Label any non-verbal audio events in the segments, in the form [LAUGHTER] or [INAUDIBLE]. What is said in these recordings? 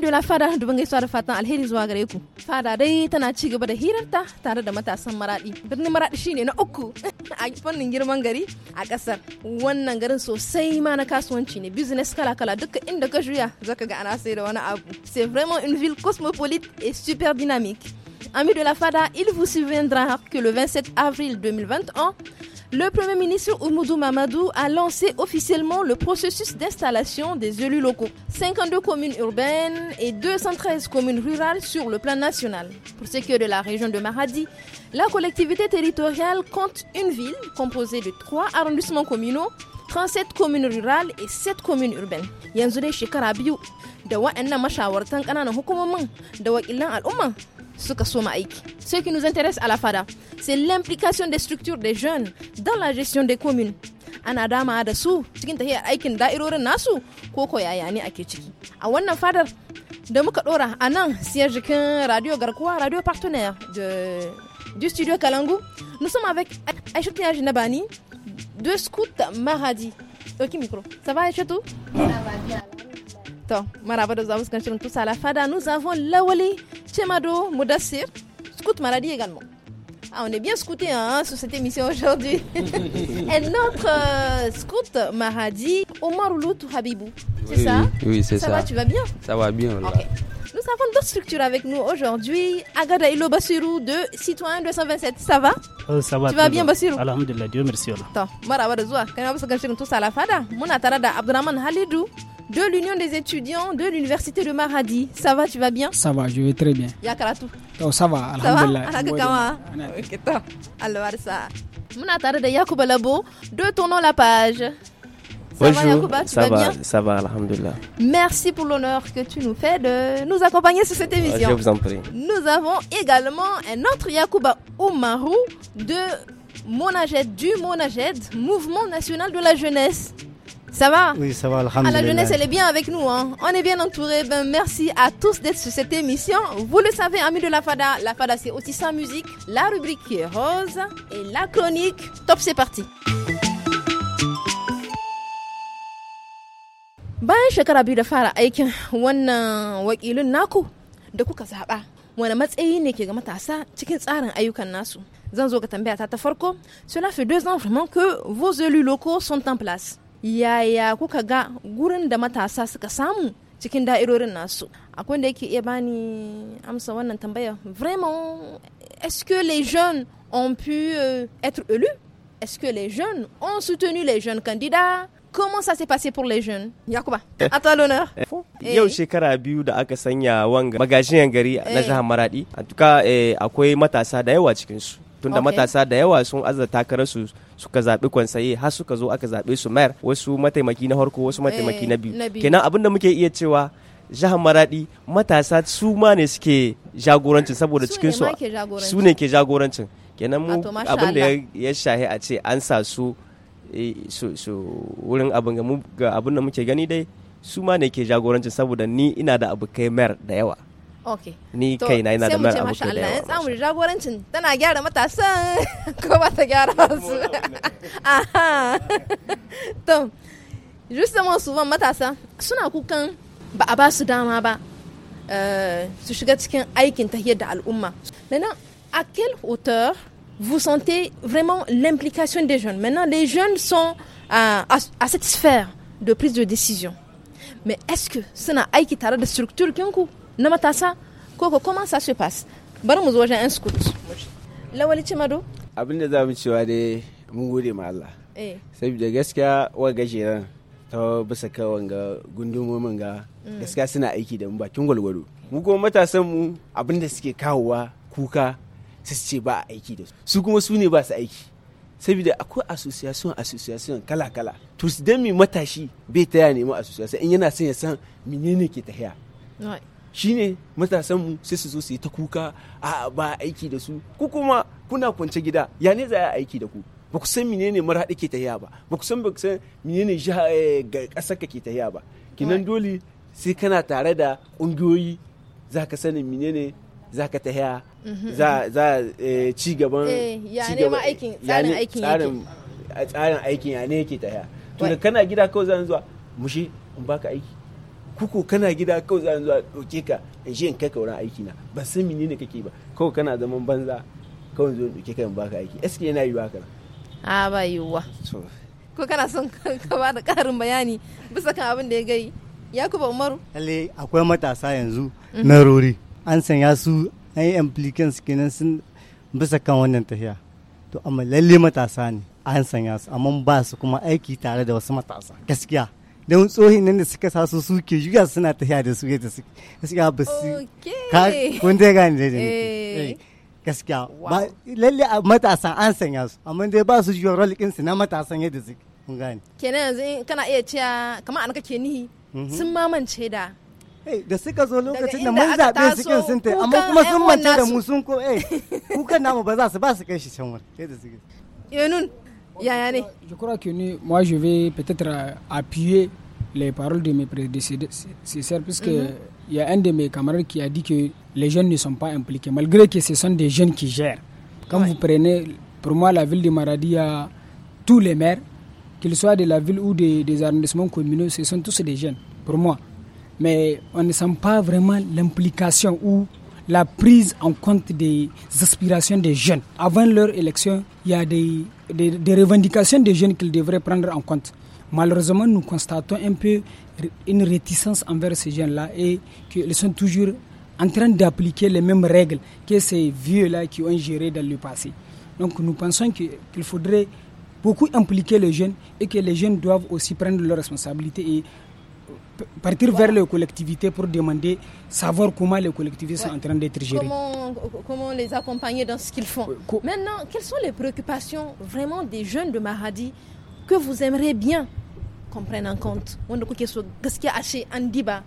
saurari da fada bangai gaisuwa da fatan alheri zuwa gare ku. Fada dai tana ci gaba da hirarta tare da matasan maradi. Birnin maradi shine na uku a [LAUGHS] fannin girman gari a kasar. Wannan garin sosai ma na kasuwanci ne business kala kala duka inda ka juya zaka ga ana sai da wani abu. C'est vraiment une ville cosmopolite et super dynamique. Amis de la Fada, il vous souviendra que le 27 avril 2021, le Premier ministre Oumoudou Mamadou a lancé officiellement le processus d'installation des élus locaux. 52 communes urbaines et 213 communes rurales sur le plan national. Pour ce qui est de la région de Maradi, la collectivité territoriale compte une ville composée de 3 arrondissements communaux, 37 communes rurales et 7 communes urbaines suka Ce qui nous intéresse à la FADA, c'est l'implication des structures des jeunes dans la gestion des communes. Ana dama da su cikin tahiyar aikin da'irorin nasu ko ko ya ne ake ciki. A wannan fadar da muka dora a nan siyar jikin radio garkuwa radio partenaire de, du studio Kalangu, nous sommes avec Aïchatou Nabani de Scout Maradi. Ok micro, ça va Aïchatou Ça va bien. To, la fada. Nous avons Lawali, Chemado, Mudassir, Scout Maradi également. Ah, on est bien scouté hein, sur cette émission aujourd'hui. [LAUGHS] Et notre euh, scout Maradi, Omar Loutou Habibou. C'est ça Oui, c'est ça. Ça va, tu vas bien Ça va bien. Là. Nous avons deux structures avec nous aujourd'hui. Agada Ilo Basirou de Citoyen 227. Ça va euh, Ça va. Tu vas bien, Basirou Alhamdulillah, Dieu merci. Attends, je vais vous dire on ça se tous à la fada, mon atarada Abdraman Halidou de l'Union des étudiants de l'Université de Maradi. Ça va, tu vas bien Ça va, je vais très bien. Yakaratou. Oh, ça va, Alhamdulillah. Ça va Alhamdulillah. Ah, Alors, ça. Mon atarada Yakuba Labo de Tournons la page. Ça va, ça va, ça va, alhamdulillah. Merci pour l'honneur que tu nous fais de nous accompagner sur cette ah, émission. Je vous en prie. Nous avons également un autre Yacouba Oumarou de Monaged, du Monajed, Mouvement National de la Jeunesse. Ça va Oui, ça va, alhamdulillah. la jeunesse, elle est bien avec nous. Hein. On est bien entouré. Ben, merci à tous d'être sur cette émission. Vous le savez, amis de la FADA, la FADA, c'est aussi sans musique, la rubrique est rose et la chronique. Top, c'est parti. bayan shekara biyu da fara aikin wannan wakilin naku da kuka zaɓa wani matsayi ne ke ga matasa cikin tsarin ayyukan nasu zan zo ga tambaya ta ta farko cela fait deux ans vraiment que vos élus locaux sont en place yaya kuka ga gurin da matasa suka samu cikin da'irorin nasu akwai da yake iya bani amsa wannan tambaya vraiment est-ce que les jeunes ont pu euh, être élus est-ce que les jeunes ont soutenu les jeunes candidats Comment ça s'est passé pour les jeunes Yakuba, eh. à toi l'honneur. Eh. Eh. Yau shekara biyu da aka sanya wanga magajiyan gari na jihar Maradi. A tuka akwai matasa da yawa cikinsu. Tunda matasa da yawa sun azza su suka zaɓi kwansaye har suka zo aka zaɓe su mayar wasu mataimaki na harko wasu mataimaki na biyu. Kenan abin da muke iya cewa jihar maradi matasa su ma ne suke jagorancin saboda cikin su ne ke jagorancin kenan mu abin da ya shahi a ce an sa su Eh, su wurin abin ga abin da muke gani dai su ma ne ke jagorancin saboda ni ina da abu kai mer da yawa Ni kai na ina da mer abu da yawa. Sai mu jagorancin tana gyara matasan [LAUGHS] ko ba ta gyara su. [LAUGHS] Aha. [LAUGHS] To, justement su ban matasa suna kukan ba a ba su dama ba eh, su shiga cikin aikin tahiyar da al'umma. a à quelle hauteur vous sentez vraiment l'implication des jeunes. Maintenant, les jeunes sont euh, à, à, de prise de décision. Mais est-ce que ça n'a pas de structure qui Comment ça se passe Bari mu zo wajen 'yan scout. Lawali Cimado? Abin da za mu cewa dai mun gode ma Allah. Eh. Saboda gaskiya wa gajeren ta bisa ka wanga gundumomin ga mm. gaskiya suna aiki da mu bakin gwalgwado. Mu kuma matasan mu abin suke kawowa kuka sai su ce ba aiki da su su kuma su ne ba su aiki saboda akwai association association kala kala to su dami matashi bai taya nemi association in yana son ya san menene ke tahiya ne matasan mu sai su zo su yi ta kuka a ba aiki da su ku kuma kuna kwance gida ya ne za a aiki da ku ba ku san menene marhaɗi ke tahiya ba ba ku san ba ku san menene eh, ƙasar ka ke tahiya ba kinan dole sai kana tare da ƙungiyoyi za ka sanin menene Mhm. za ka ta za eh, ci gaban tsarin aikin ya ne yake ta to kana gida kawai zan zuwa mushi in baka aiki kuku kana gida kawai zan zuwa ɗauke ka in shi in kai ka wurin aiki na ba san mini ne kake ba kawai kana zaman banza kawai zo ɗauke ka in baka aiki eske yana yiwuwa kana a ba yiwa. ko kana son ka ba da ƙarin bayani bisa kan abin da ya gai yakuba umaru lalle akwai matasa yanzu mhm. na rori an sanya su an yi implicants kenan sun bisa kan wannan tafiya to amma lalle matasa ne an sanya su amma ba su kuma aiki tare da wasu matasa gaskiya don tsohin nan da suka sa su suke juya suna tafiya da su yadda suke gaskiya ba su ka kun dai gane da ne eh. eh, gaskiya ba lalle matasa an sanya su amma dai ba su juya rolikin su na matasan yadda suke kun gani kenan yanzu kana iya cewa kamar an kake nihi mhm. sun mamance da je crois que moi je vais peut-être appuyer les paroles de mes prédécesseurs puisque mhm. il y a un de mes camarades qui a dit que les jeunes ne sont pas impliqués, malgré que ce sont des jeunes qui gèrent. Quand vous prenez, pour moi, la ville de Maradi tous les maires, qu'ils soient de la ville ou des, des, arrondissements communaux, ce sont tous des jeunes, pour moi mais on ne sent pas vraiment l'implication ou la prise en compte des aspirations des jeunes. Avant leur élection, il y a des, des, revendications des jeunes qu'ils devraient prendre en compte. Malheureusement, nous constatons un peu une réticence envers ces jeunes-là et qu'ils sont toujours en train d'appliquer les mêmes règles que ces vieux-là qui ont géré dans le passé. Donc nous pensons qu'il faudrait beaucoup impliquer les jeunes et que les jeunes doivent aussi prendre leurs responsabilités et partir vers les collectivités pour demander savoir comment les collectivités sont en train d'être gérées. Comment, les accompagner dans ce qu'ils font. Euh, Maintenant, quelles sont les préoccupations vraiment des jeunes de Maradi que vous aimeriez bien qu'on prenne en compte Qu'est-ce qui a acheté Andiba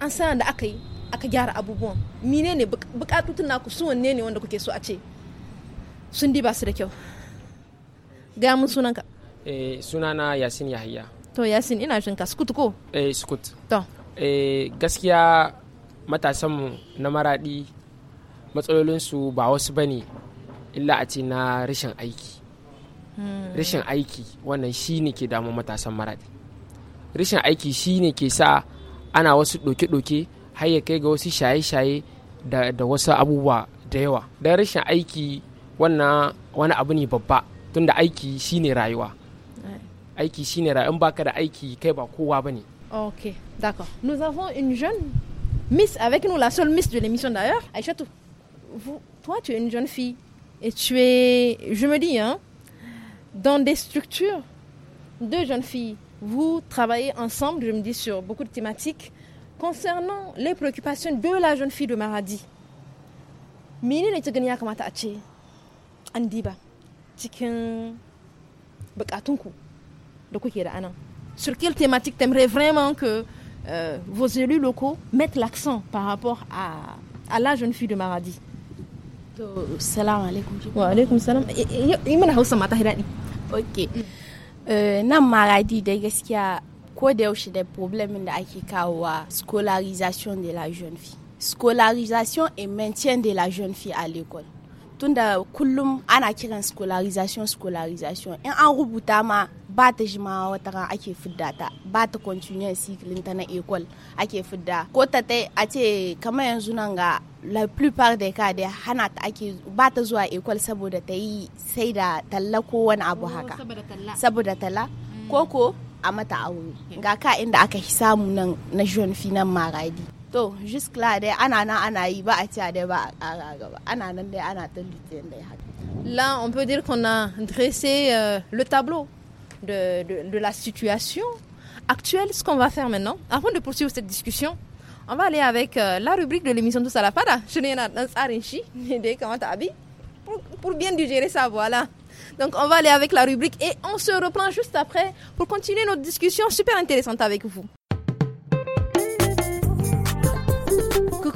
Ensemble, eh, à gyara Aboubon, mine ne bukatutun naku su wanne ne wanda kuke so a ce sun di ba su da kyau ga mun sunanka eh sunana Yassine Yahya. to yasin ina shinka sukut ko eh sukut to eh gaskiya mu na maraɗi matsalolinsu ba wasu ba ne illa a ce na rashin aiki hmm. rashin aiki wannan shine ke damun matasan maraɗi rashin aiki shine ke sa ana wasu doke doke har ya kai ga wasu shaye-shaye da, wasu abubuwa da yawa dan rashin aiki wannan wani abu ne babba tunda aiki shine rayuwa aiki shine baka da ok d'accord nous avons une jeune miss avec nous la seule miss de l'émission d'ailleurs Aïchatou vous toi tu es une jeune fille et tu es je me dis hein dans des structures de jeunes filles vous travaillez ensemble je me dis sur beaucoup de thématiques concernant les préoccupations de la jeune fille de Maradi kamata a ce cikin bukatunku sur quelle thématique t'aimerais vraiment que euh, vos élus locaux mettent l'accent par rapport à, à la jeune fille de Maradi Salam alaikum. Wa alaikum salam. Eh, eh, Yi Hausa Ok. dans euh, Maradi dai gaskiya ko da yaushe des problèmes da ake scolarisation de la jeune fille. Scolarisation et maintien de la jeune fille à l'école. Tunda kullum a kiran scolarisation scolarisation. et en ba ta shi ma wata ran ake fidda ta ba ta kwanciyar sikilin ta na ekol ake fidda ko ta tai a ce kamar yanzu nan ga la plupart des cas da hana ta ake ba ta zuwa ekol saboda ta yi sai da talla ko wani abu oh, haka saboda talla koko mm. a mata aure ga ka inda aka samu nan na jeune fi nan maradi to jusque-là dai ana nan ana yi ba a ci dai ba a ƙara gaba ana nan dai ana ta dai haka Là, on peut dire qu'on a dressé euh, le tableau. de, la situation actuelle, ce qu'on va faire maintenant, avant de poursuivre cette discussion, on va aller avec euh, la rubrique de l'émission Tous à la comment [LAUGHS] pour, pour bien digérer ça, voilà. Donc on va aller avec la rubrique et on se reprend juste après pour continuer notre discussion super intéressante avec vous.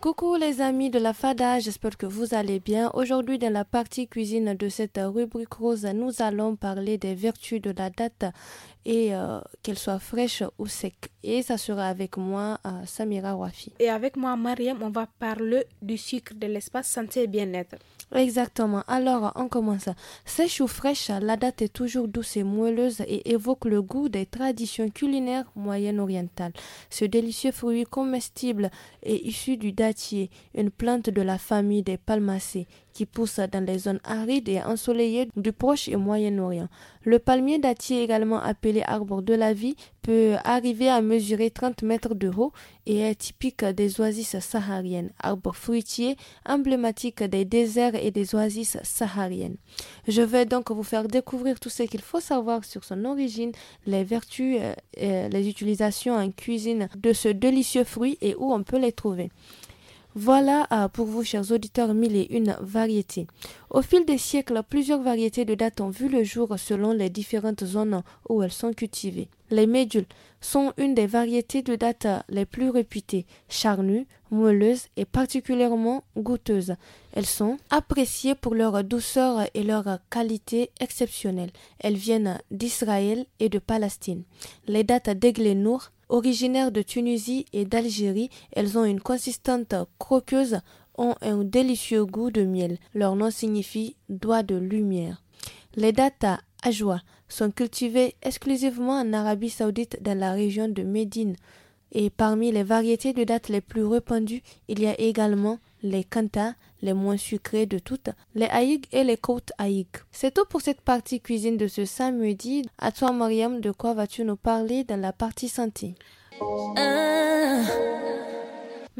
Coucou les amis de la Fada, j'espère que vous allez bien. Aujourd'hui dans la partie cuisine de cette rubrique rose, nous allons parler des vertus de la date et euh, qu'elle soit fraîche ou sec. Et ça sera avec moi euh, Samira Wafi. Et avec moi Mariam, on va parler du sucre de l'espace santé et bien-être. Exactement. Alors, on commence. sèche ou fraîche la date est toujours douce et moelleuse et évoque le goût des traditions culinaires moyen-orientales. Ce délicieux fruit comestible est issu du dattier, une plante de la famille des palmacées qui pousse dans les zones arides et ensoleillées du Proche et Moyen-Orient. Le palmier dattier, également appelé arbre de la vie, peut arriver à mesurer 30 mètres de haut et est typique des oasis sahariennes, arbre fruitier emblématique des déserts et des oasis sahariennes. Je vais donc vous faire découvrir tout ce qu'il faut savoir sur son origine, les vertus, euh, et les utilisations en cuisine de ce délicieux fruit et où on peut les trouver. Voilà euh, pour vous, chers auditeurs, mille et une variétés. Au fil des siècles, plusieurs variétés de dates ont vu le jour selon les différentes zones où elles sont cultivées. Les médules sont une des variétés de dates les plus réputées, charnues, moelleuses et particulièrement goûteuses. Elles sont appréciées pour leur douceur et leur qualité exceptionnelle. Elles viennent d'Israël et de Palestine. Les dates d'Eglénour Originaires de Tunisie et d'Algérie, elles ont une consistante croqueuse, ont un délicieux goût de miel. Leur nom signifie doigt de lumière. Les à ajwa sont cultivées exclusivement en Arabie saoudite dans la région de Médine. Et parmi les variétés de dattes les plus répandues, il y a également les kanta, les moins sucrés de toutes, les haïgues et les côtes haïgues. C'est tout pour cette partie cuisine de ce samedi. À toi, Mariam, de quoi vas-tu nous parler dans la partie santé? Ah.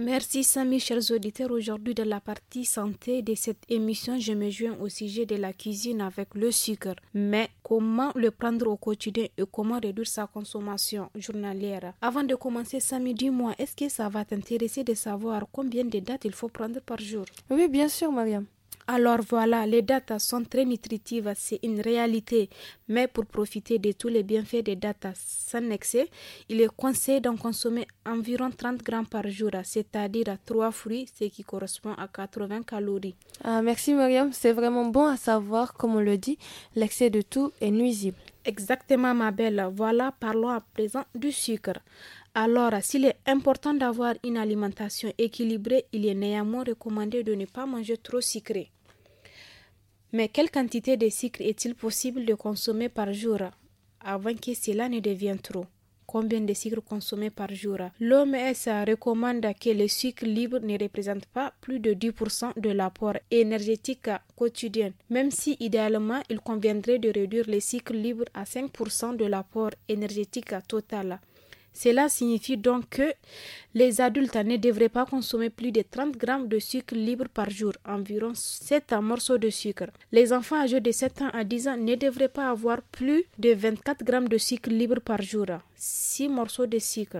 Merci Samy, chers auditeurs. Aujourd'hui, de la partie santé de cette émission, je me joins au sujet de la cuisine avec le sucre. Mais comment le prendre au quotidien et comment réduire sa consommation journalière Avant de commencer, Samy, dis-moi, est-ce que ça va t'intéresser de savoir combien de dates il faut prendre par jour Oui, bien sûr, Mariam. Alors voilà, les datas sont très nutritives, c'est une réalité. Mais pour profiter de tous les bienfaits des datas sans excès, il est conseillé d'en consommer environ 30 grammes par jour, c'est-à-dire 3 fruits, ce qui correspond à 80 calories. Ah, merci Mariam, c'est vraiment bon à savoir, comme on le dit, l'excès de tout est nuisible. Exactement ma belle, voilà, parlons à présent du sucre. Alors, s'il est important d'avoir une alimentation équilibrée, il est néanmoins recommandé de ne pas manger trop sucré. Mais quelle quantité de sucre est-il possible de consommer par jour avant que cela ne devienne trop Combien de sucre consommer par jour L'OMS recommande que le sucre libre ne représente pas plus de 10% de l'apport énergétique quotidien, même si idéalement il conviendrait de réduire le sucre libre à 5% de l'apport énergétique total. Cela signifie donc que les adultes ne devraient pas consommer plus de 30 grammes de sucre libre par jour, environ 7 morceaux de sucre. Les enfants âgés de 7 ans à 10 ans ne devraient pas avoir plus de 24 grammes de sucre libre par jour, 6 morceaux de sucre.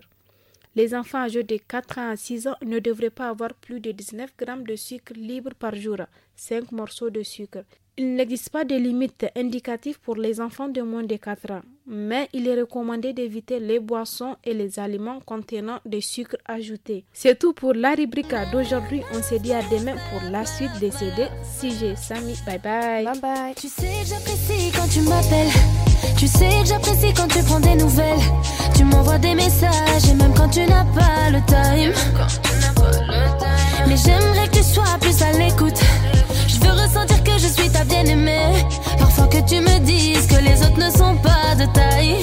Les enfants âgés de 4 ans à 6 ans ne devraient pas avoir plus de 19 grammes de sucre libre par jour, 5 morceaux de sucre. Il n'existe pas de limite indicative pour les enfants de moins de 4 ans, mais il est recommandé d'éviter les boissons et les aliments contenant des sucres ajoutés. C'est tout pour la rubrique d'aujourd'hui. On se dit à demain pour la suite des CD. Si j'ai Samy, bye bye. Bye bye. Tu sais que j'apprécie quand tu m'appelles. Tu sais que j'apprécie quand tu prends des nouvelles. Tu m'envoies des messages et même quand tu n'as pas le time. Mais j'aimerais que tu sois plus à l'écoute ressentir que je suis ta bien-aimée. Parfois que tu me dises que les autres ne sont pas de taille.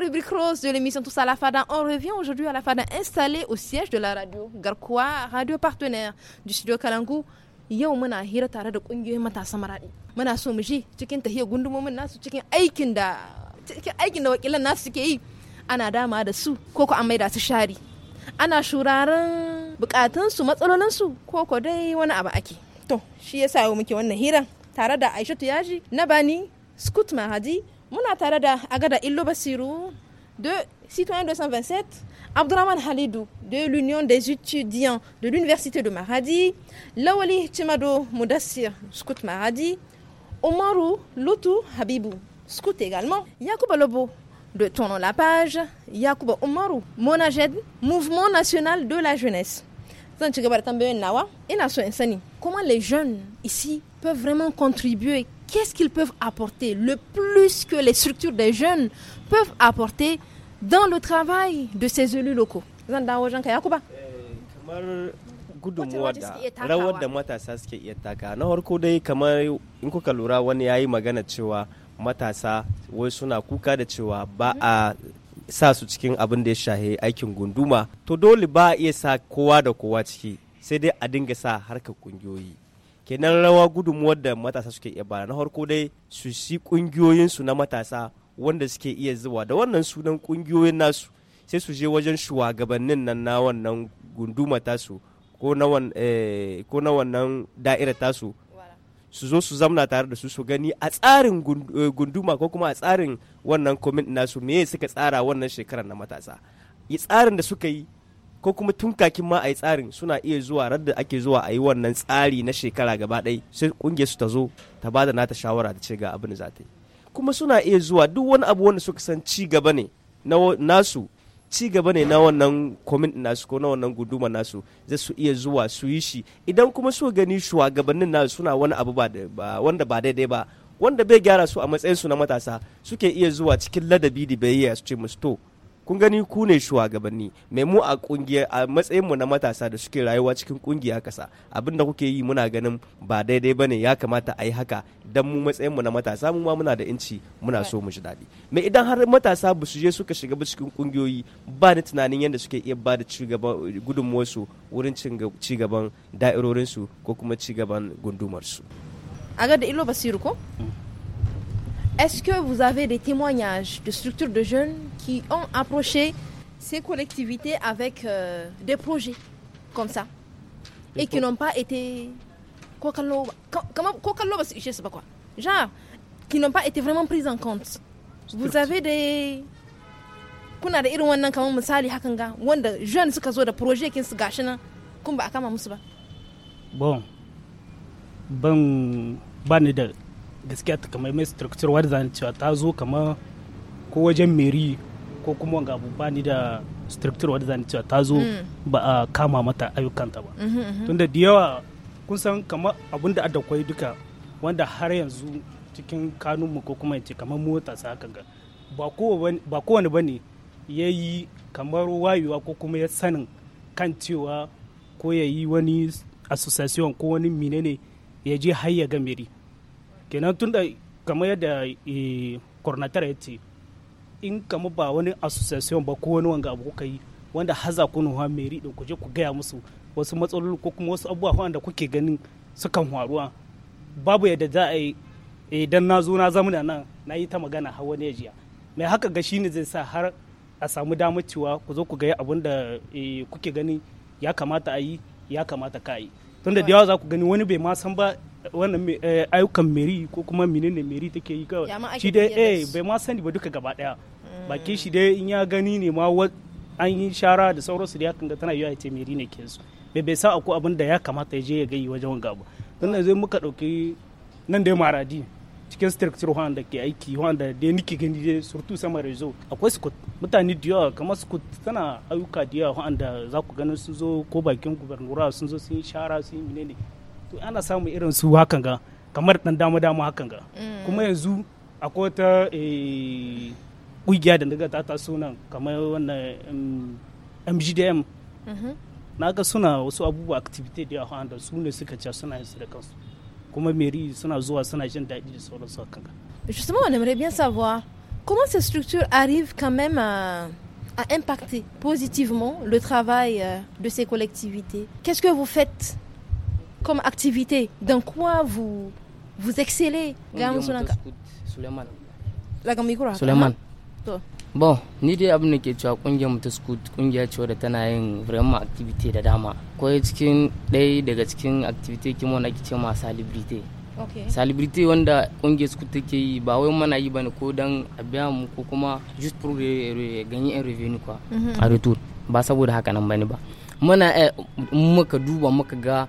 rubrique rose de l'émission Tous à la Fada. On revient aujourd'hui à la Fada installée au siège de la radio Garkwa, radio partenaire du studio Kalangu. Yau muna hira tare da kungiyoyin matasa maraɗi Muna so mu ji cikin tahiyar gundumomin nasu cikin aikin da cikin aikin da wakilan nasu suke yi ana dama da su ko ko an maida su shari. Ana shuraren bukatunsu matsalolinsu ko ko dai wani abu ake. To shi yasa yau muke wannan hira tare da Aishatu Tuyaji na Bani Skut Mahadi Mona tare da agada illo basiru de citoyen 227 abdourahman halidou de l'union des étudiants de l'université de maradi lawali Timado mudassir scout maradi omaru Loutou habibou scout également yakuba lobo de Tournant la page, Yakuba omaru Monajed, Mouvement national de la jeunesse. Comment les jeunes ici peuvent vraiment contribuer qu'est-ce qu'ils peuvent apporter le plus que les structures des jeunes peuvent apporter dans le travail de ces élus locaux. Eh, gudunmuwa da rawar da matasa suke iya taka na harko dai kamar in kuka lura wani yayi magana cewa matasa wai suna kuka da cewa ba mm-hmm. a sa su cikin abin da ya shahe aikin gunduma to dole ba a iya sa kowa da kowa ciki sai dai a dinga sa harkar kungiyoyi kenan rawa gudunmuwar da matasa suke iya bara na harko dai su si kungiyoyinsu na matasa wanda suke iya zuwa da wannan sunan kungiyoyin nasu sai su je wajen shugabannin nan na wannan gunduma tasu ko na eh, wannan da'ira tasu su zo su zamna tare da su su gani a tsarin eh, gunduma ko kuma a tsarin wannan komin nasu me suka tsara wannan shekarar na matasa tsarin da suka yi ko kuma tun kakin ma a yi tsarin suna iya zuwa radda ake zuwa a yi wannan tsari na shekara gaba ɗai sai kungiyar su ta zo ta ba da nata shawara ta ce ga abin za ta yi kuma suna iya zuwa duk wani abu wanda suka san ci gaba ne nasu ci gaba ne na wannan komin nasu ko na wannan guduma nasu zai su iya zuwa su yi shi idan kuma su gani shugabannin nasu suna wani abu wanda ba daidai ba wanda bai gyara su a matsayin su na matasa suke iya zuwa cikin ladabi da bayyana su ce musu to kun gani ku ne shugabanni mai mu a kungiya a matsayin mu na matasa da suke rayuwa cikin kungiya kasa abin da kuke yi muna ganin ba daidai bane ya kamata a yi haka dan mu matsayin mu na matasa mu ma muna da inci muna so mu ji daɗi mai idan har matasa ba su je suka shiga ba cikin kungiyoyi ba ni tunanin yadda suke iya ba da su wurin cigaban gaban da'irorinsu ko kuma cigaban gaban gundumarsu a ga da ilo basiru ko mm. Est-ce que vous avez des témoignages de structures de jeunes qui ont approché ces collectivités avec euh, des projets comme ça et qui n'ont pas été comment je sais pas quoi genre qui n'ont pas été vraiment prises en compte vous avez des bon bon bonne idée gaskiya ta kamar mai structure wadda cewa ta zo kamar ko wajen meri ko kuma ga abu ba ni da structure wadda zan cewa ta zo mm. ba a kama mata ayyukanta ba mm-hmm, mm-hmm. tunda da yawa kun san kamar abun da kwai duka wanda har yanzu cikin kanunmu ko kuma yace kamar mota sa haka ga ba kowane ba ne ya yi kamar wayewa ko kuma ya sanin kan cewa ko ya yi wani association ko wani menene ya je har ya ga meri kenan tun da kamar yadda eh, coordinator ya ce in kama ba wani association ba ko wani wanga abu kuka yi wanda haza ku nuwa meri din ku je ku gaya musu wasu matsaloli ko kuma wasu abubuwa wanda kuke ganin sukan faruwa babu yadda za a yi idan eh, na zo na zama da nan na yi ta magana har wani jiya mai haka ga shi ne zai sa har a samu damar cewa ku zo ku gaya abin da eh, kuke gani ya kamata a yi ya kamata ka yi tunda da yawa za ku gani wani bai ma san ba wannan eh, ayyukan meri ko kuma menene meri take yi kawai shi dai eh bai ma sani ba duka gaba daya mm. baki shi dai in ya gani ne ma an yi shara da sauransu da ya kanga tana yi ya ce meri ne ke su bai bai sa akwai abin da ya kamata ya je ya gayi wajen wanga ba tun zai muka dauki nan dai maradi cikin structure wanda ke aiki wanda da nike gani dai surtu sama rezo akwai su mutane da yawa kamar su tana ayyuka da yawa wanda za ku ganin sun zo ko bakin gubernura sun zo sun yi shara sun yi menene to ana samun irin su hakan ga kamar dan dama dama hakan ga mm. kuma yanzu akwai wata kungiya eh, da daga ta taso nan kamar wannan mgdm mm, mm-hmm. na ga suna wasu abubuwa activity da yawa da su ne suka ca suna yin su da kansu kuma meri suna zuwa suna jin daɗi da sauransu hakan ga justement on aimerait bien savoir comment cette structure arrive quand même à à impacter positivement le travail euh, de ces collectivités. Qu'est-ce que vous faites comme activité Dans quoi vous, vous excellez ah, bon ni dai abin da ke cewa kungiyar mutu scoot kungiya ce wadda tana yin vraiment activity da dama kawai cikin ɗaya daga cikin activity kimo na ke ce ma celebrity celebrity wanda kungiyar scoot take yi ba wai mana yi bane ko dan a biya mu ko kuma just pour ganyen revenue quoi. Mhm. a retour ba saboda haka nan bane ba muna eh, muka duba muka ga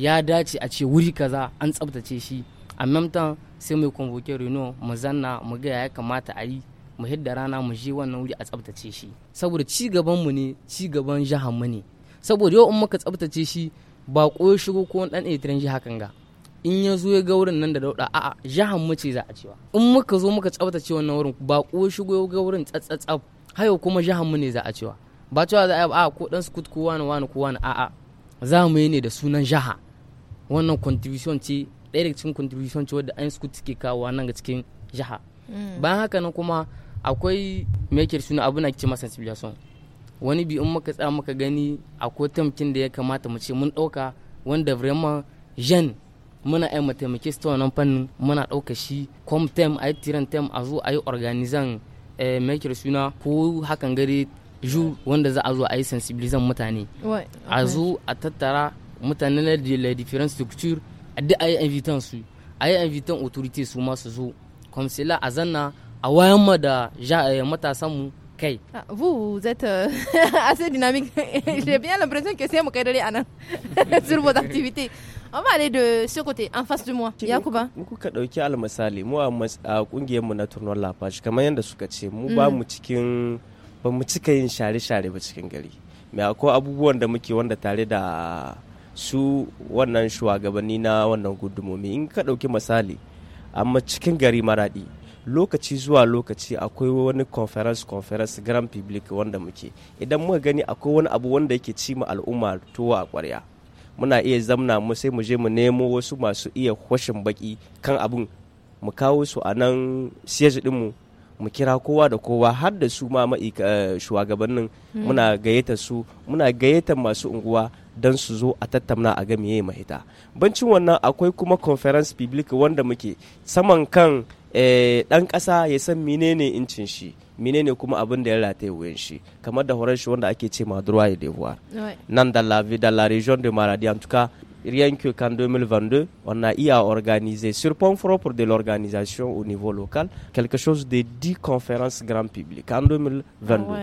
ya dace a ce wuri kaza an tsabtace shi a memtan sai mai convoke reno mu zanna mu ga ya kamata a yi mu hidda rana mu je wannan wuri a tsabtace shi saboda ci gaban mu ne ci gaban jihar mu ne saboda yau in muka tsabtace shi ba ko shigo ko dan etiren jiha hakan ga in ya zo ya ga wurin nan da dauda a'a jihar mu ce za a cewa in muka zo muka tsabtace wannan wurin ba ko shigo ya ga wurin tsatsatsab hayo kuma jihar mu ne za a cewa ba cewa za a ko dan sukut ko wani wani ko wani a'a za mu yi ne da sunan jihar wannan contribution ce ɗaya daga cikin contribution ce wadda an suke ke kawo nan ga cikin jiha mm. bayan haka nan kuma akwai maker suna abin ake ce masa civilization wani bi in muka tsaya muka gani akwai tamkin da ya kamata mu ce mun ɗauka wanda vraiment jeune muna ai mataimake su ta wannan fannin muna ɗauka shi com time a yi tiran time a zo a yi organizan eh, maker suna ko hakan gare ju wanda za a zo a yi sensibilizan mutane a zo a tattara mutanen da les different structure a da ayi invitan su ayi invitan autorité su ma su zo comme cela a zanna a wayan ma da eh, matasan mu kai ah, vous vous êtes euh, [LAUGHS] assez dynamique [LAUGHS] j'ai bien l'impression que c'est mon cadre Anna [LAUGHS] sur vos activités on va aller de ce côté en face de moi Yakuba Muku kuka dauki al misali mu a kungiyar mu na tournoi la page kamar yanda suka ce mu ba mm. mu cikin ba mu cika yin share share ba cikin gari me akwai abubuwan da muke wanda tare da su wannan shugabanni na wannan gudumomi in ka ɗauki misali amma cikin gari maraɗi lokaci zuwa lokaci akwai wani conference conference grand public wanda muke idan muka gani akwai wani abu wanda yake ci ma al'umma tuwa a ƙwarya muna iya zamna mu sai mu je mu nemo wasu masu iya hwashin baki kan abun mu kawo su a nan siyaji mu mu kira kowa da kowa har da su ma eh, shugabannin hmm. muna gayyata su muna gayyata masu unguwa dans su zo a tattauna a ga meye mahita bancin wannan akwai kuma conference public wanda muke saman kan dan eh, kasa ya san menene incin shi menene kuma abin da ya rataye wuyan shi kamar da horon shi wanda ake ce droit de devoir nan da la dans la région de maradi en tout cas rien que qu'en 2022 on a eu à organiser sur point propre de l'organisation au niveau local quelque chose de 10 conférences grand public en 2022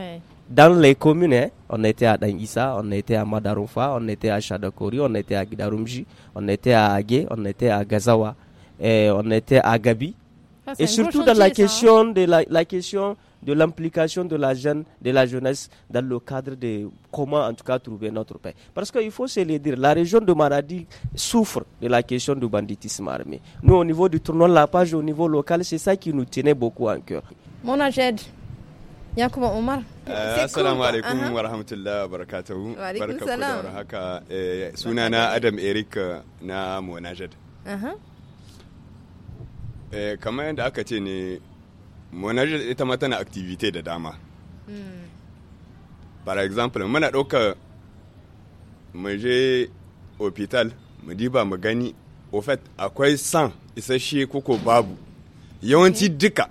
dans les communes, hein. on était à Dangissa, on était à Madaroufa, on était à Chadakori, on était à Gidarumji, on était à Agé, on était à Gazawa, et on était à Gabi. et surtout dans la hein. question de la, question de l'implication de la jeune, de la jeunesse dans le cadre de comment en tout cas trouver notre paix. Parce qu'il faut se le dire, la région de Maradi souffre de la question du banditisme armé. Nous au niveau du tournoi La Page, au niveau local, c'est ça qui nous tenait beaucoup en cœur. Mon ya kuma umar eh, assalamu alaikum wa rahmatullahi wa barakatuhu barka da haka suna na adam eric eh, na monajad eh, kamar yadda aka ce ne monajad ita ma tana activity da dama for hmm. example muna ɗauka mu je hospital mu diba mu gani ofet akwai san isasshe koko babu yawanci hmm. duka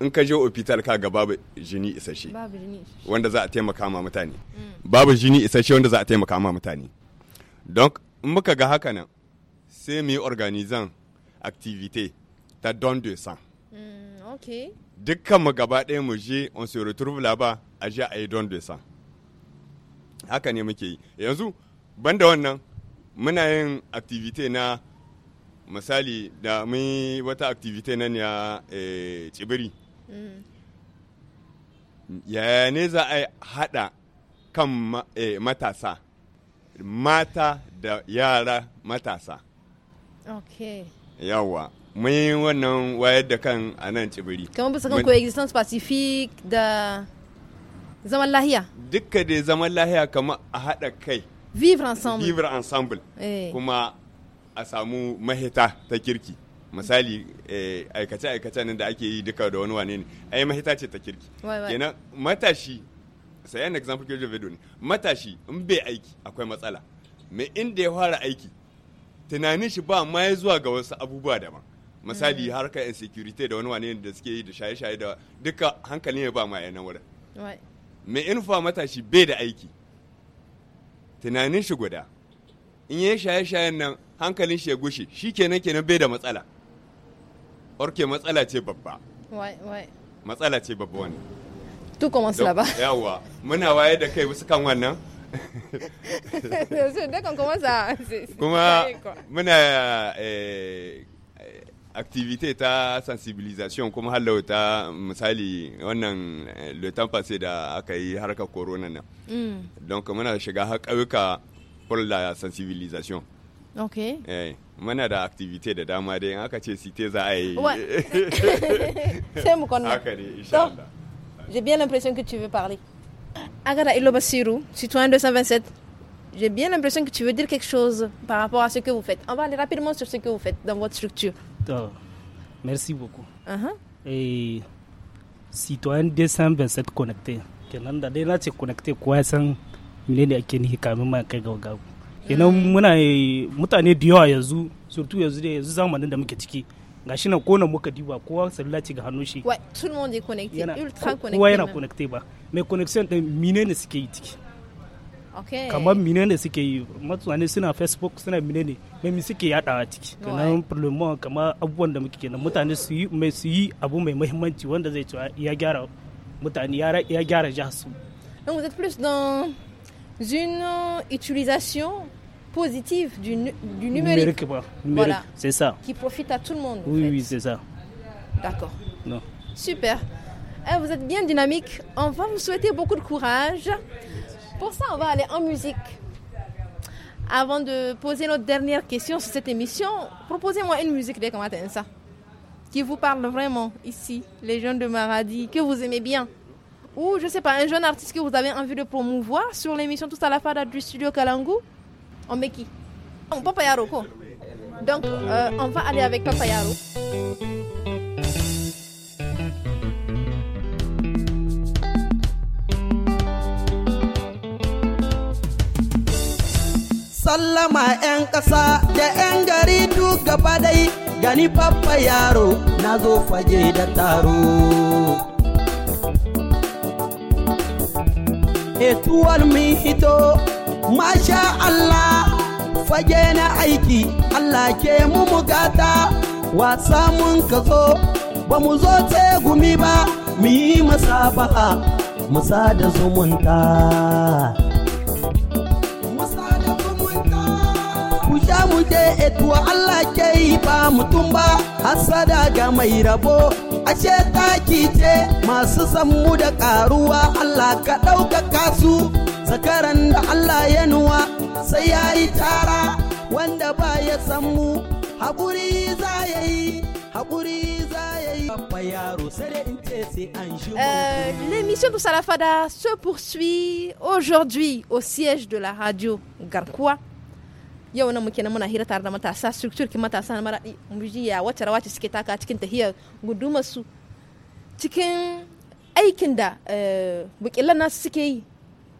in ka je ofital ka ga babu jini isashe wanda za a taimaka ma mutane babu jini isashe wanda za a taimaka ma mutane don in muka ga haka nan sai mu organize organizan activité ta don de sang mm, dukkan mu gaba ɗaya mu je on se retrouve là-bas a je a yi don de sang haka ne muke yi yanzu banda wannan muna yin activité na misali da mun wata activité na ya a eh, tsibiri yaya ne za a haɗa kan eh, matasa mata da yara matasa ok yawa mun yi wannan wayar da kan a nan tsibiri kamar bisa kan coexistence pacific da zaman lahiya dukka da zaman lahiya kamar a haɗa kai vivre ensemble vivre ensemble eh. kuma a samu mahita ta kirki misali eh, aikace-aikace nan da ake yi duka da wani wane ne ai mahita ce ta kirki kenan matashi sai an example ke video ne matashi in bai aiki akwai matsala me inda ya fara aiki tunanin shi ba ma ya zuwa ga wasu abubuwa daban misali mm. harkar insecurity da wani wane da suke yi da shaye-shaye da duka hankali ne ba ma yana wurin me in fa matashi bai da aiki tunanin shi guda in ya shaye-shayen nan hankalin shi ya gushe shi kenan kenan bai da matsala orke matsala ce babba matsala ce babba wani tu commence là-bas yawa muna waye da kai wasu kan wannan [LAUGHS] [LAUGHS] kuma muna eh, activité ta sensibilisation kuma hallau ta misali wannan eh, le temps passé da aka yi harkar corona nan mm. don muna shiga har ƙauyuka pour sensibilisation Ok. Eh, muna da activity da dama dai in aka ce site za a yi. [LAUGHS] Sai mu J'ai bien l'impression que tu veux parler. Agara Ilobasiru, citoyen 227. J'ai bien l'impression que tu veux dire quelque chose par rapport à ce que vous faites. On va aller rapidement sur ce que vous faites dans votre structure. merci beaucoup. Uh -huh. Et citoyen 227 connecté. Kenanda da dai na connecté, connecté kowa san menene ake nihi ma kai ga yana muna mutane da yawa yanzu surtu yanzu da yanzu zamanin da muke ciki gashi nan kona muka diba kowa salula ce ga hannun shi tout le monde est connecté connecté kowa yana connecté ba mai connection din ne suke yi ciki kamar ne suke yi mutane suna facebook suna ne mai mi suke a ciki kenan problem kamar abubuwan da muke kenan mutane su yi mai su yi abu mai muhimmanci wanda zai cewa ya gyara mutane ya gyara jihar su donc vous êtes plus dans une euh, utilisation positive du, du numérique. voilà. C'est ça. Qui profite à tout le monde. Oui, oui, c'est ça. D'accord. Non. Super. Eh, vous êtes bien dynamique. On va vous souhaiter beaucoup de courage. Pour ça, on va aller en musique. Avant de poser notre dernière question sur cette émission, proposez-moi une musique dès qu'on ça. Qui vous parle vraiment ici, les jeunes de Maradi, que vous aimez bien. Ou, je sais pas, un jeune artiste que vous avez envie de promouvoir sur l'émission Tout à la Fada du studio Kalangu on met qui On Papa Yaro quoi. Donc euh, on va aller avec Papa Yaro. Salama en ya da en gari duk gani Papa Yaro nazo zo Taru. et taro. al hito masha Allah fage na aiki Allah ke mu mugata wasa mun kaso. ba mu zo gumi ba mu yi musabaka musa da zumunta ku sha mu je etuwa eh, Allah ke yi ba mutum ba hasada ga mai rabo ashe taki ce masu sammu da karuwa Allah ka ɗaukaka su zakaran da Allah ya nuwa sai ya yi tara wanda ba ya samu haƙuri za ya yi haƙuri za ya yi babba yaro sai da in ce sai an shi euh, L'émission de Salafada se poursuit aujourd'hui au siège de la radio Garkuwa. yau nan muke muna hira tare da matasa structure ki matasa na maraɗi ya wacce rawa ce suke taka cikin tahiyar gudumar su cikin aikin da eh, bukilan nasu suke yi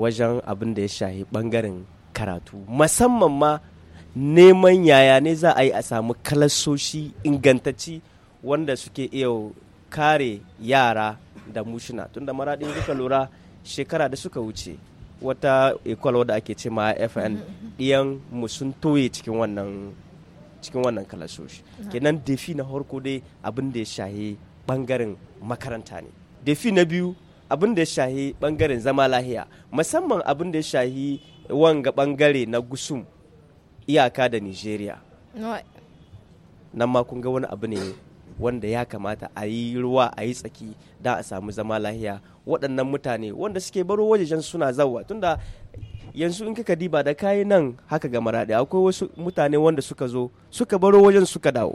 wajen abin da ya shahi bangaren karatu musamman ma neman yaya ne za a yi a samu kalasoshi ingantacci wanda suke iya kare yara da mushina tunda maradin suka lura shekara da suka wuce wata ikwalo da ake ce ma fn ɗiyan mu sun toye cikin wannan cikin wannan kalasoshi kenan defi na harko dai abin da ya shahi bangaren makaranta ne defi na biyu abin da ya shahi bangaren zama lahiya musamman abin da ya shahi wanga bangare na gusum iyaka da nigeria nan ma kun ga wani abu ne wanda ya kamata a yi ruwa a yi tsaki da a samu zama lahiya waɗannan mutane wanda suke baro wajejen suna zawa tunda yanzu in kika diba da kayi nan haka ga maraɗi akwai wasu mutane wanda suka zo suka baro wajen suka dawo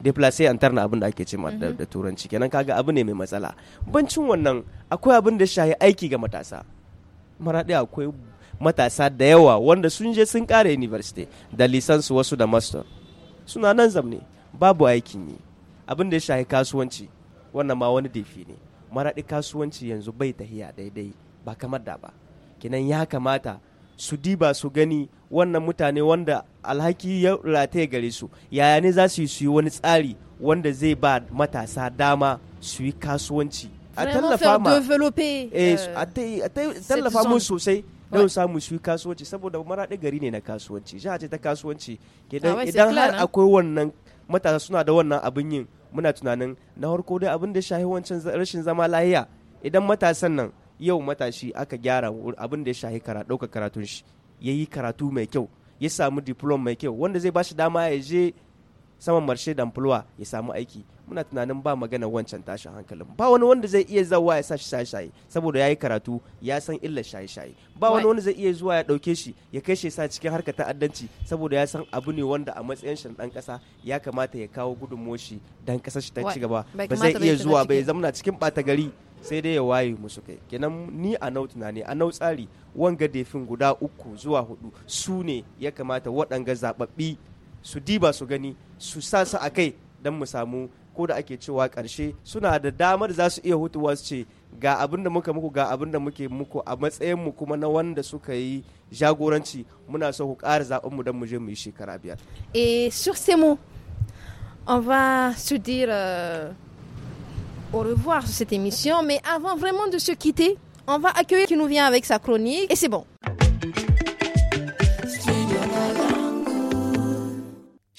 deplace interna abin da ake ce mm-hmm. da turanci kenan kaga abu ne mai matsala bancin wannan akwai abin da shayi aiki ga matasa maraɗi akwai matasa da yawa wanda sun je sun kare university da lisansu wasu da master suna nan zamne babu aikin yi abin da ya kasuwanci wannan ma wani defi ne maraɗi kasuwanci yanzu bai tahiya daidai ba kamar da ba kenan ya kamata su diba su gani wannan mutane wanda alhaki ya rataye gare su yaya ne za su yi su yi wani tsari wanda zai ba matasa dama su yi kasuwanci a tallafa ma eh, euh, a tallafa mu sosai don samu su yi kasuwanci saboda mara gari ne na kasuwanci shi ce ta kasuwanci ah idan har akwai wannan matasa suna da wannan abin yin muna tunanin na harko dai abin da shahi wancan rashin zama lahiya idan matasan nan yau matashi aka gyara abin da ya shahi ɗaukar karatun shi ya yi karatu mai kyau ya samu diplom mai kyau wanda zai ba shi dama ya je saman marshe da amfulwa ya samu aiki muna tunanin ba magana wancan tashin hankalin ba wani wanda zai iya zawa ya sa shi shaye-shaye saboda ya yi karatu ya san illar shaye-shaye ba wani wanda zai iya zuwa ya ɗauke shi ya kai shi sa cikin harkar ta'addanci saboda ya san abu ne wanda a matsayin shi dan kasa ya kamata ya kawo gudunmuwar shi dan kasar shi ta ci gaba ba zai iya zuwa ba ya zamana cikin ɓata gari sai dai ya waye musu kai kenan ni a nau tunani a nau tsari wanga defin guda uku zuwa hudu su ne ya kamata waɗanga zaɓaɓɓi su diba su gani su sa su a kai don mu samu ko da ake cewa ƙarshe suna da damar za su iya hutuwa su ce ga abin da muka muku ga abin da muke muku a matsayin mu kuma na wanda suka yi jagoranci muna so ku ƙara zaɓen mu don mu je mu yi shekara biyar. eh sur ces mots, on va se dire euh, au revoir sur cette émission. Mais avant vraiment de se quitter, on va accueillir qui nous vient avec sa chronique. Et c'est bon.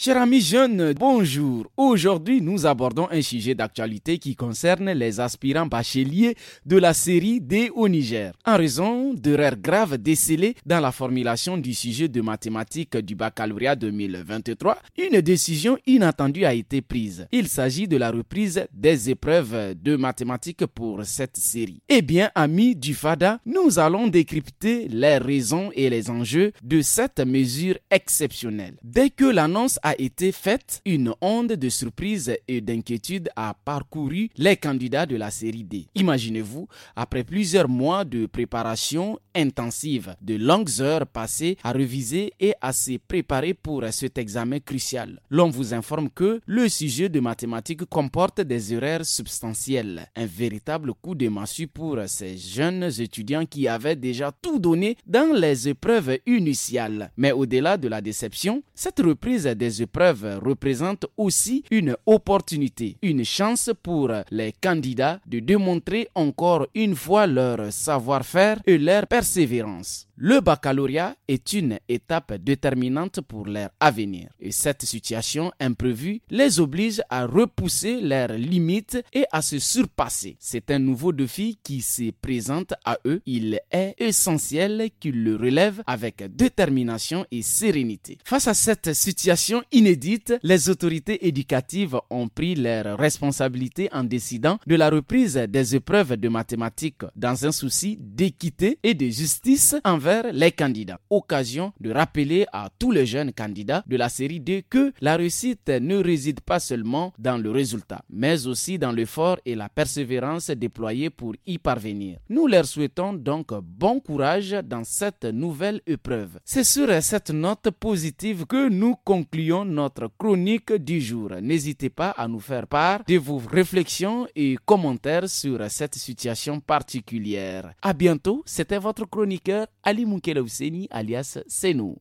Chers amis jeunes, bonjour. Aujourd'hui, nous abordons un sujet d'actualité qui concerne les aspirants bacheliers de la série D au Niger, en raison d'erreurs graves décelées dans la formulation du sujet de mathématiques du baccalauréat 2023. Une décision inattendue a été prise. Il s'agit de la reprise des épreuves de mathématiques pour cette série. Eh bien, amis du FADA, nous allons décrypter les raisons et les enjeux de cette mesure exceptionnelle. Dès que l'annonce a a été faite, une onde de surprise et d'inquiétude a parcouru les candidats de la série D. Imaginez-vous, après plusieurs mois de préparation intensive, de longues heures passées à reviser et à se préparer pour cet examen crucial, l'on vous informe que le sujet de mathématiques comporte des erreurs substantielles, un véritable coup de massue pour ces jeunes étudiants qui avaient déjà tout donné dans les épreuves initiales. Mais au-delà de la déception, cette reprise des épreuves représentent aussi une opportunité, une chance pour les candidats de démontrer encore une fois leur savoir-faire et leur persévérance. Le baccalauréat est une étape déterminante pour leur avenir et cette situation imprévue les oblige à repousser leurs limites et à se surpasser. C'est un nouveau défi qui se présente à eux. Il est essentiel qu'ils le relèvent avec détermination et sérénité. Face à cette situation inédite, les autorités éducatives ont pris leurs responsabilités en décidant de la reprise des épreuves de mathématiques dans un souci d'équité et de justice envers les candidats. Occasion de rappeler à tous les jeunes candidats de la série 2 que la réussite ne réside pas seulement dans le résultat, mais aussi dans l'effort et la persévérance déployés pour y parvenir. Nous leur souhaitons donc bon courage dans cette nouvelle épreuve. C'est sur cette note positive que nous concluons notre chronique du jour. N'hésitez pas à nous faire part de vos réflexions et commentaires sur cette situation particulière. À bientôt, c'était votre chroniqueur Ali Ali Moukela Ouseni, alias Senou.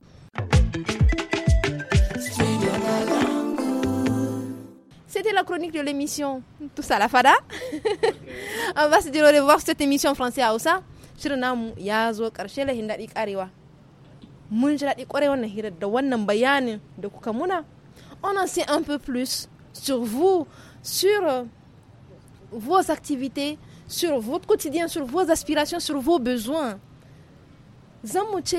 C'était la chronique de l'émission Tout ça la fada. [LAUGHS] On va se dire au revoir cette émission française à Oussa. Je suis ya zo ƙarshe lahin mun jira daɗi ƙwarai wannan hirar da wannan bayanin da kuka muna on en sait un peu plus sur vous sur euh, vos activités sur votre quotidien sur vos aspirations sur vos besoins zan mu ce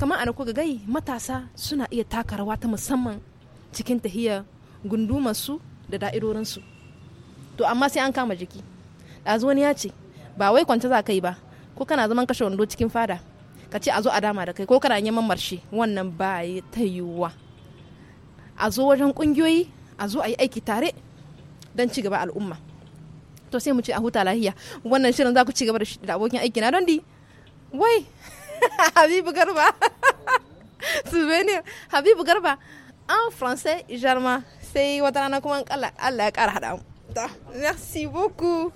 kamar ana ko gai matasa suna iya taka rawa ta musamman cikin tahiyar gundumarsu da da'irorinsu to amma sai an kama jiki ɗazu wani ya ce ba wai kwance za ka yi ba ko kana zaman kashe wando cikin fada ka ce a zo a dama da kai ko kana neman marshe wannan ba ta yiwuwa a zo wajen ƙungiyoyi a zo a yi aiki tare don ci gaba al'umma to sai mu ce a huta lahiya wannan shirin za ku ci gaba da abokin aiki na don di wai [LAUGHS] Habib Garba. [LAUGHS] Souvenir. Habib Garba. En français, Jarma. C'est Watarana Kumankala. Allah Merci beaucoup.